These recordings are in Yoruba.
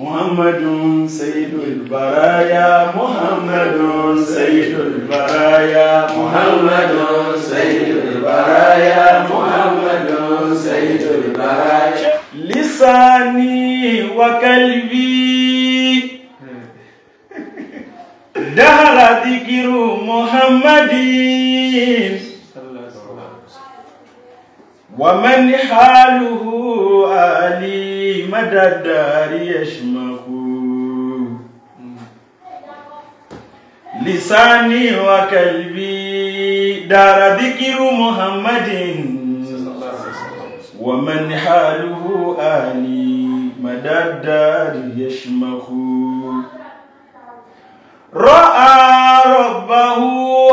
محمد سيد البرايا محمد سيد البرايا محمد سيد البرايا محمد سيد البرايا لساني وقلبي دهر ذكر محمد ومن حاله آلي مدى الدار يشمخ لساني وقلبي دار ذكر محمد ومن حاله آلي مدى الدار يشمخ رأى ربه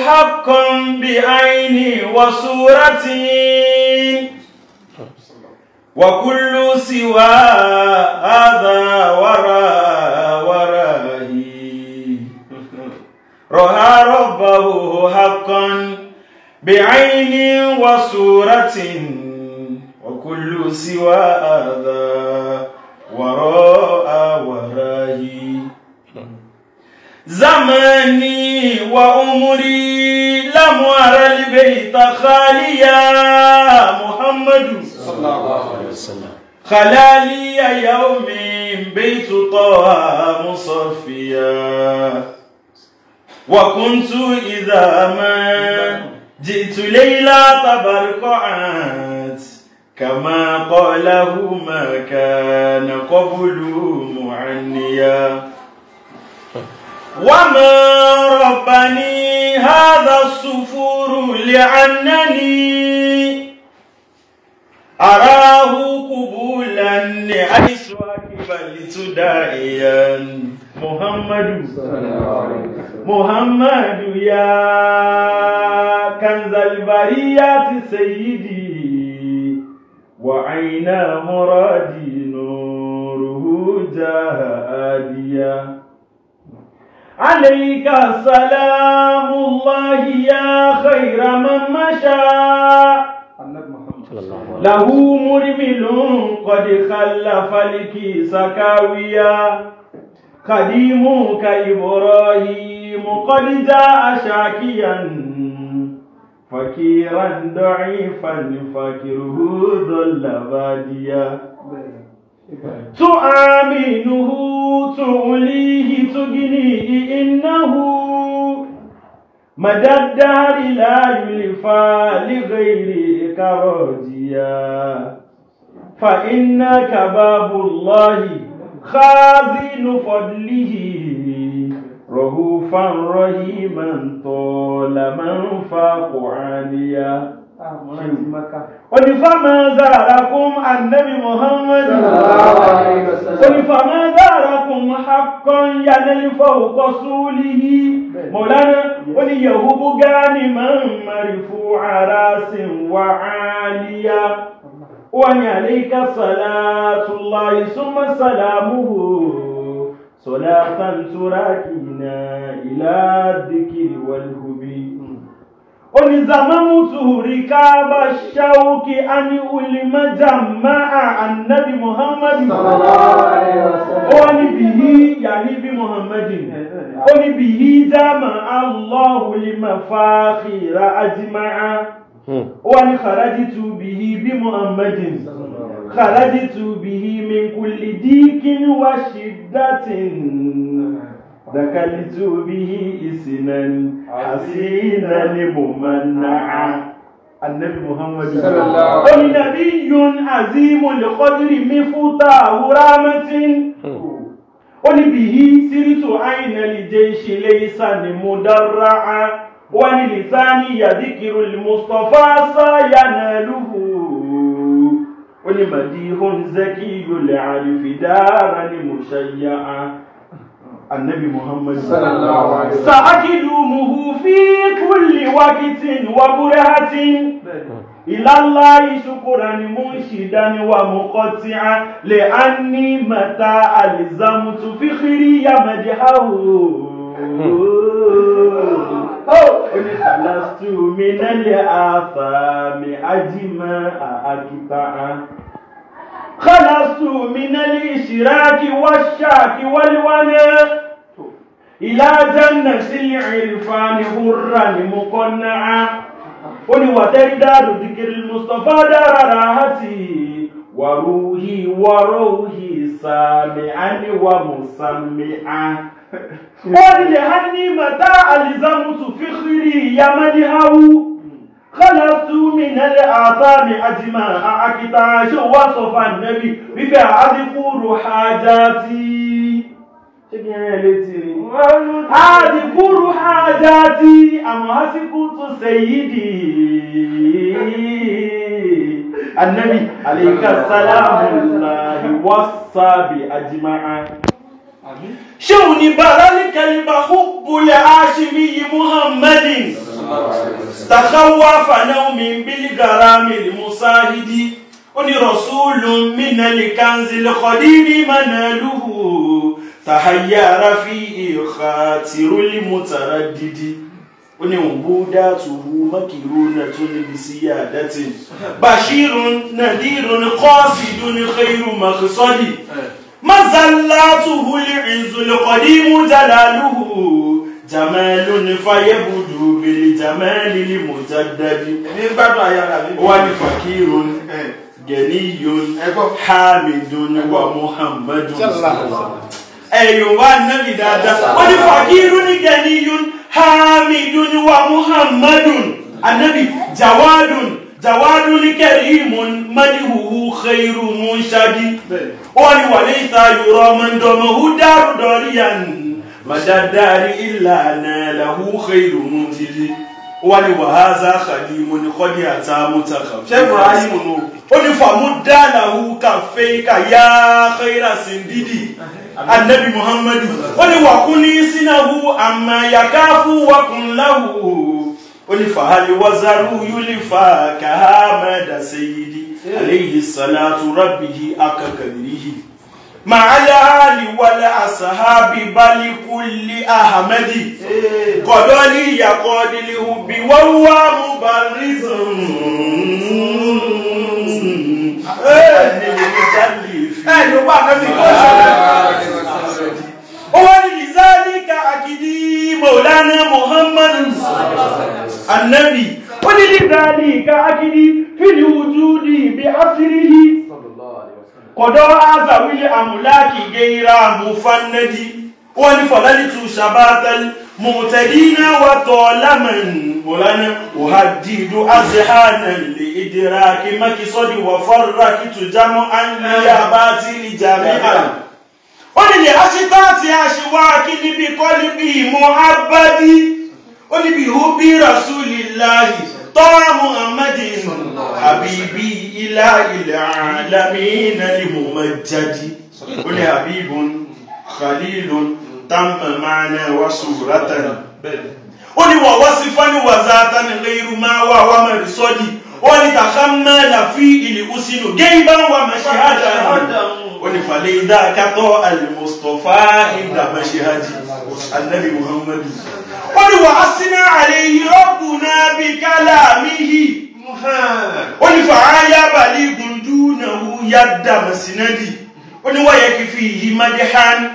حقا بعيني وصورتي وكل سوى هذا وراء ورائي رأى ربه حقا بعين وصورة وكل سوى هذا وراء ورائي زماني وعمري لم أرى البيت خاليا محمد صلى الله عليه وسلم خلا لي يوم بيت طه مصفيا وكنت إذا ما جئت ليلى تبرقعت كما قاله ما كان قبل معنيا وما ربني هذا الصفور لعنني أراه قبولا حيث أكبر لتدائيا محمد محمد يا كنز البريات سيدي وعين مرادي نوره جاهديا عليك سلام الله يا خير من مشى له مرمل قد خلف لك سكاويا قديم كإبراهيم قد جاء شاكيا فكيرا ضعيفا فكره ذل باديا تؤمنه تؤليه تجنيه إنه مدى الدار لا يلفى لغير كراجيا فإنك باب الله خازن فضله رهوفا رحيما طول من فاق عاليا onífàmà zàràkùn annabi muhammad onífàmà zàràkùn. حقا ينل فوق صوله مولانا وليهب غانما مرفوع راس وعاليا وأن عليك صلاة الله ثم سلامه صلاة تراكينا إلى الذكر والهبي onizamamutu rikaba shauki ani ulimaja ma'a annabi muhammadu ó ní bihi yani bi muhammadin ó ní bihi jama allahu limafakhira ajma'a hmm. ó ní kharajitu bihi bi muhammadin kharajitu bihi min kulli dikin wa shiddatin ذكرت به اسما حسينا ممنعا النبي محمد صلى الله عليه وسلم نبي عظيم القدر مفتاح رحمة ó ní bìí síríìtù àìnà lìjẹ ìṣẹ̀lẹ̀ ìsàní mọdàrà á wà ní lìsáàní yàdíkìrù mustapha sáyànà lùhù ó ní màdí hóun zẹkì yòlẹ àrífìdára ní mọṣáyà á annabi muhammad sallallahu alaihi wasallam sa'akidumuhu fi kulli waqtin wa burahatin ilallahi shukran munshidan wa muqati'an li anni mata alzamtu fi khiriya majhahu lastu oh! min al-afami ajma akita'a خلصت من الإشراك والشاك والونا ìlàjánà sílẹ̀ ìrìnfàní húnra ní mo kọ́ náà ó ní wà tẹ́rí dáàdù dìkìrì mustapha dára àti wàrúhì wàrúhì sàmì àníwá mùsàmì à. ó ní lè hàn ní màtá àlìzámùtù fíkìrì yamani hawu kọ́lọ́tù mi nílẹ̀ àtàmì àjìmá àkìtà ṣé wàá sọ fún ànábì wípé àdínkù rò hájà tí cikin litiri hadikuru hajati amma sikutu sayyidi annabi alaika salamullahi wasabi ajma'a ṣéun ni bàrálì kẹlìmà hubbul ashimi muhammadin takawa fanawmi bilgarami musahidi ó ní rasulun minal kanzil qadimi manaluhu tàháyára fi ìhà tìrólì mọ́tàrá dídí ó ní òun bó dá tòwú mọ́kìrú náà tó níbi sí àdẹ́tì bashirun nadirun qasidun khairu maqsadi mazallatuhu li'izul qadimu jalaluhu jamalu ni fayebudu bil jamali li mujaddadi. ẹni gbádùn ayára mi. ó wá ní fakirun gẹ̀níyun hamidun wa muhammadun. أيوة النبي دادا ولفقير غني حامد ومحمد النبي جواد جواد كريم مدحه خير منشد وليس يرى من دمه دار داريا مدى الدار إلا ناله خير منزل ó wá ní wàhálà àkàdé mọ́nìkọ́dé àti amútakà ṣẹ́gun ayímù nù ó ní fàmú dáàlàwù kàfé kàyà kẹ́rà sí dídì anabi muhammadu ó ní wàkúní sínáwù àmàyàkáfù wàkúnláwù ó ní fàhálì wàzàrù yúlífà kàhámẹ́dà sẹ́yìdì àléyìí sàlátù rábìyí akàkàbìrìyìí màálàálì wàlà àsàhábì bálíkúlì ahamadi kọ̀dọ́lì ìyàkọ́dìlì òbí wọ́n wá mú barizun. ẹ ló bá àkàtì kó ṣẹlẹ̀. ó wá ní lìzálíkà àkìdí mọ̀lánà muhammadu annabi ó ní lìzálíkà àkìdí fìlì wùdú ní ibi àṣírí yìí kọ̀dọ́ azàwílé àmúláàkì gẹ́ra mufannadi wọ́n ní fọ̀lálìtù ṣàbátẹ́lì mùtẹ̀dínà wà tọ́ lámẹ̀n bọ̀lánà òhàdìdó azẹ́hánà lè ìdíra kí mákì sọ́dí wà fọ́rọ̀ kí tó jámọ́ àníyà bá ti lè jàmí àrà ó ní lè aṣípá àti aṣíwá kí tọ́ra muhammadin habibi ilá ilẹ̀ alamina ni mo ma jaji ó ní habibun khalilun tamma maana wa suratan ó ní wà wá sí fani wà záta ni ghayru máa wà wà mẹ́rin sọ́dí ó ní tàkàmánà fi ìlú usinu géyìnbá wà mẹ́sì ájà ó ní falẹ̀ ìdá akátọ́ al-Mustafa ìdá mẹ́sì ájì anabi muhammadu ó ní wà á sínú àlẹ́ yìí rọ́bù yada masinadi ó ní wáyé fi yí madihan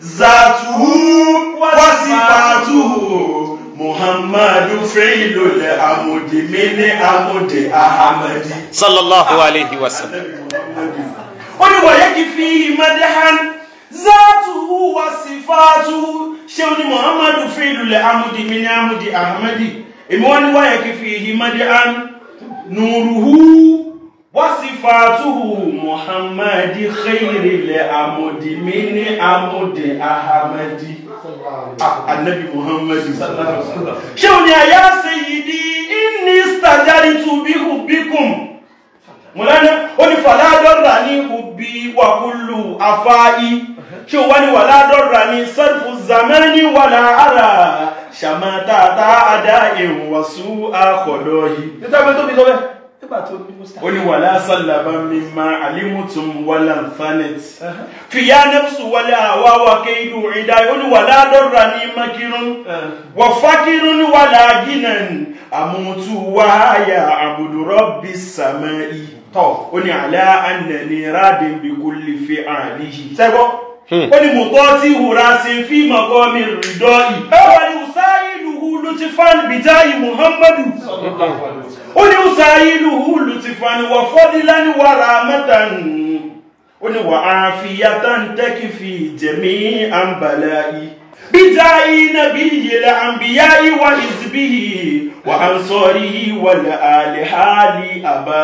zatuhu wasifatuhu muhammadu feilu le amudi mini amudi ahamadi. sallallahu alaihi wasallam. sallam. ó ní fi yí madihan zatuhu wasifatuhu ṣé o ní muhammadu feilu le amudi mini amudi ahamadi èmi wá ní wáyé fi yí madihan nuruhu. Fatuhu Muhammadi Khayri le Amodi mi ni Amodi Ahamadi. Anabi Muhammadi. Ṣé o ní àyà Sayyidi inni stajaritu bi hubbikum? Mùlánà ó ní fàládọ́rà ní hubbi wa kullu afáyí. Ṣé o wá ní wàládọ́rà ní sarfu zamani wàlá àrà? Ṣàmátàtà àdá ìwọ̀sù àkọ̀dọ̀ yìí. Nítorí pé tóbi tó bẹ́ẹ̀ oni wala sallaba mimma alimutum wala nfanet fiya nafsu wala hawa wa kaidu ida oni wala darra ni makirun wa fakirun wala ginan amutu wa ya abudu rabbi samai to oni ala annani radin bi kulli fi'alihi sego oni hmm. mutati hurasin fi maqami ridai awali usaiduhu lutfan bijai muhammadu sallallahu ó ní usailuhu lutifani wà fọ́dílání wà rahmatan ó ní wà afiyatan takifi jẹ̀mí àǹbàláyì bíjà ìnàbí yẹlẹ àǹbíyá ìwà ìsibí wà ansọ́rí wàlẹ̀ àlẹ́hàlì àbá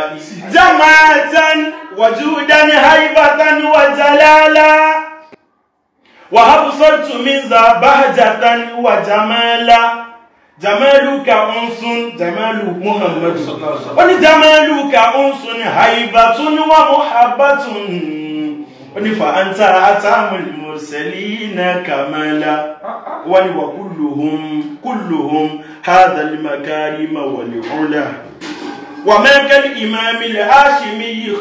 jama'atan wàjúdání haibatan wà jalala wà habsọ́tùmí zàbájàtàn wà jamala jamaluka unsun jamalu muhammadu ó ní jamaluka unsun haibatun wa muhabbatun ó ní fa anta atamul mursalina kamala wa ni wa kulluhum kulluhum hadha al makarima wal ula wa ma kal imam al hashimi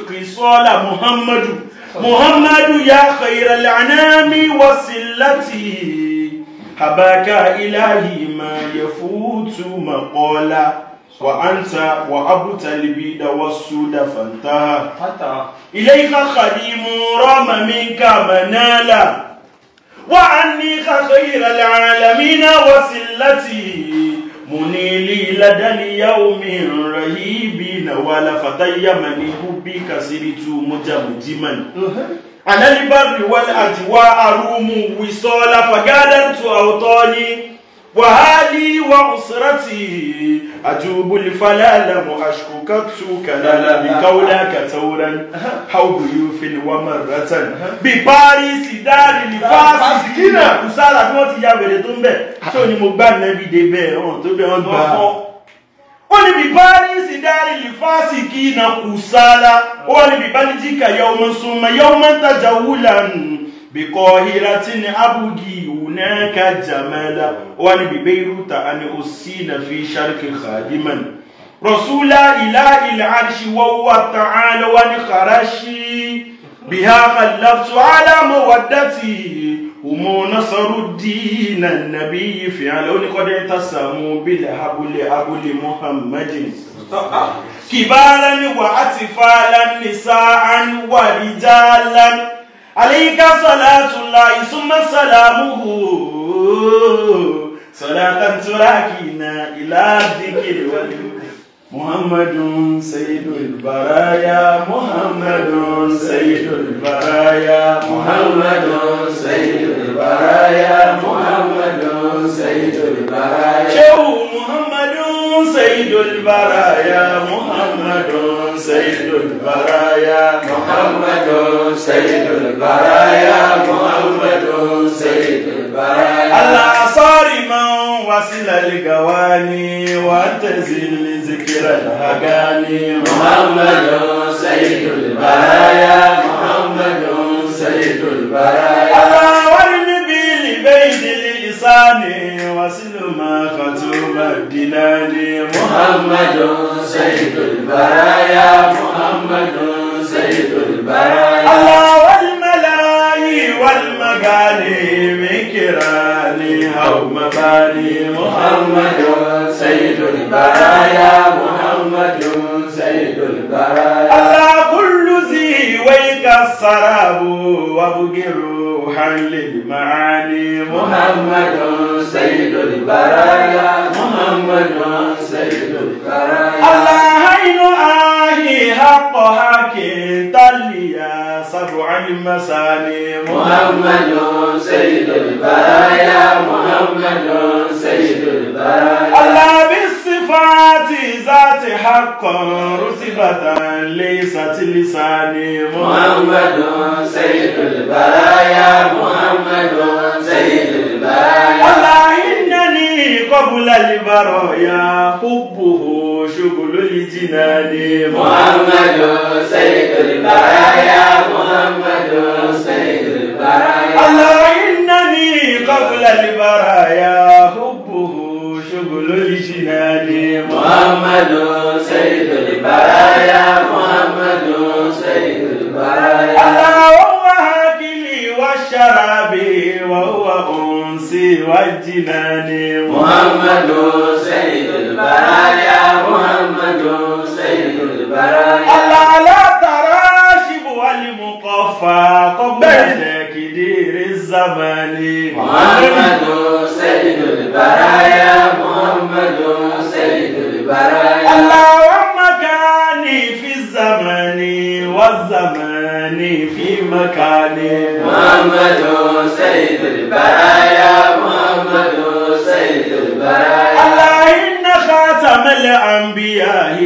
muhammadu muhammadu ya khayra al anami wa حباك إلهي ما يفوت مقالا وأنت وأبت البيد والسود فانتا إليك خديم رام منك منالا وعني خير العالمين وسلتي منيلي لدى اليوم رهيبين ولا فتيمني حبي كسرت مجمجما alal barri wal ajwa arumu wisala fagadantu awtani wa hali wa usrati ajubu lifalala wa ashku katsu kalala bi kaulaka tawran hawdu yufin wa marratan bi paris dari li fasi kina usala ti wọ́n ti ya wèrè tó ń bẹ so ni mo gba nabi de be on to be on gba wani bibari sidari lifasiki na kusala wani bibalijika yawman summa yawman tajawulan bikọhiratin abugi hunaka jamala wani bibeiruta ani usina fi sharki khadiman rasula ila ila arshi wawa ta'ala wani kharashi biha khallaftu ala mawaddati umu nasaru diina nabi fiyanlẹ ó ní kọ́dé tasamu bilẹ̀ abúlé abúlé muhammadin kìbára ni wà á ti fara ní sáán wà ní jàlá àlẹ́yìnká sọ̀làtúlá ìsúnmọ́ sàlámùhù sọ̀làtàntúrà kìnnà ìlà dìkìlì wàlúù. محمد سيد البرايا محمد سيد البرايا محمد سيد البرايا محمد سيد البرايا شو محمد سيد البرايا محمد سيد البرايا محمد سيد البرايا محمد سيد البرايا الله صارما وصل الجواني وتزل ذكر الهجاني محمد سيد البرايا محمد سيد البرايا آه، وارم لبيت الإحسان وسلم خطوب الدنان محمد سيد البرايا محمد سيد البرايا الله والملاهي والمغاني من كراني هو مباني محمد البرايا محمد سيد البرايا على كل ذي ويك السراب وابقي روحا للمعاني محمد سيد البرايا محمد سيد البرايا الله عين آهي حق حكي تليا سبع المساني محمد سيد البرايا محمد سيد البرايا الله ذاتي ذاتي حقا رتبة ليست لساني محمد سيد البرايا محمد سيد البرايا والله إنني قبل البرايا حبه شغل الجنان محمد سيد البرايا محمد سيد البرايا الله إنني قبل البرايا Muhammadun الأنبياء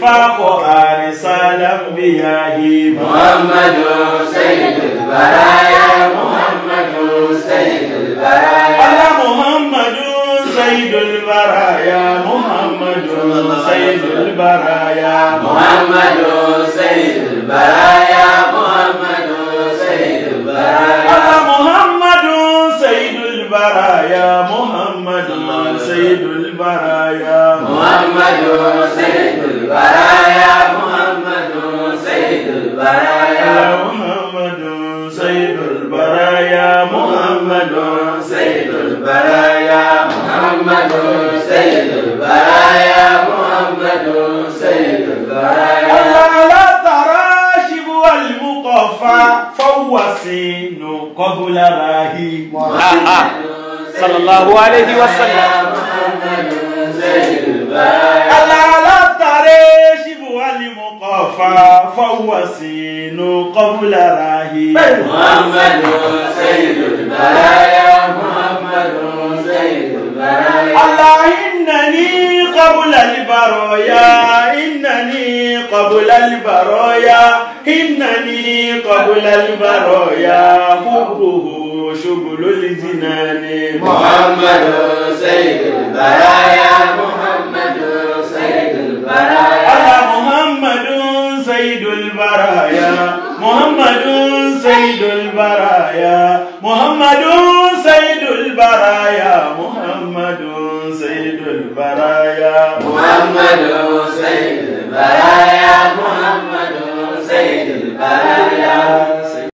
فوق أرسال الأنبياء محمد سيد البرايا محمد سيد البرايا أنا محمد سيد البرايا محمد سيد البرايا محمد سيد البرايا محمد سيد البرايا أنا محمد سيد البرايا محمد سيد البرايا سيد البرايا قبل راهي صلى الله عليه وسلم محمد زين الباب Mustapha fọwọ́ sí inú kọ́bùlà ráhì. Muhammadu Sayyidul Baraya Muhammadu Sayyidul Baraya. Allahumma قبل البرايا إنني قبل البرايا إنني قبل البرايا حبه شغل الجنان محمد سيد البرايا محمد baraya Muhammadun Sayyidul baraya Muhammadun Sayyidul baraya Muhammadun Sayyidul baraya Muhammadun Sayyidul baraya Muhammadun Sayyidul baraya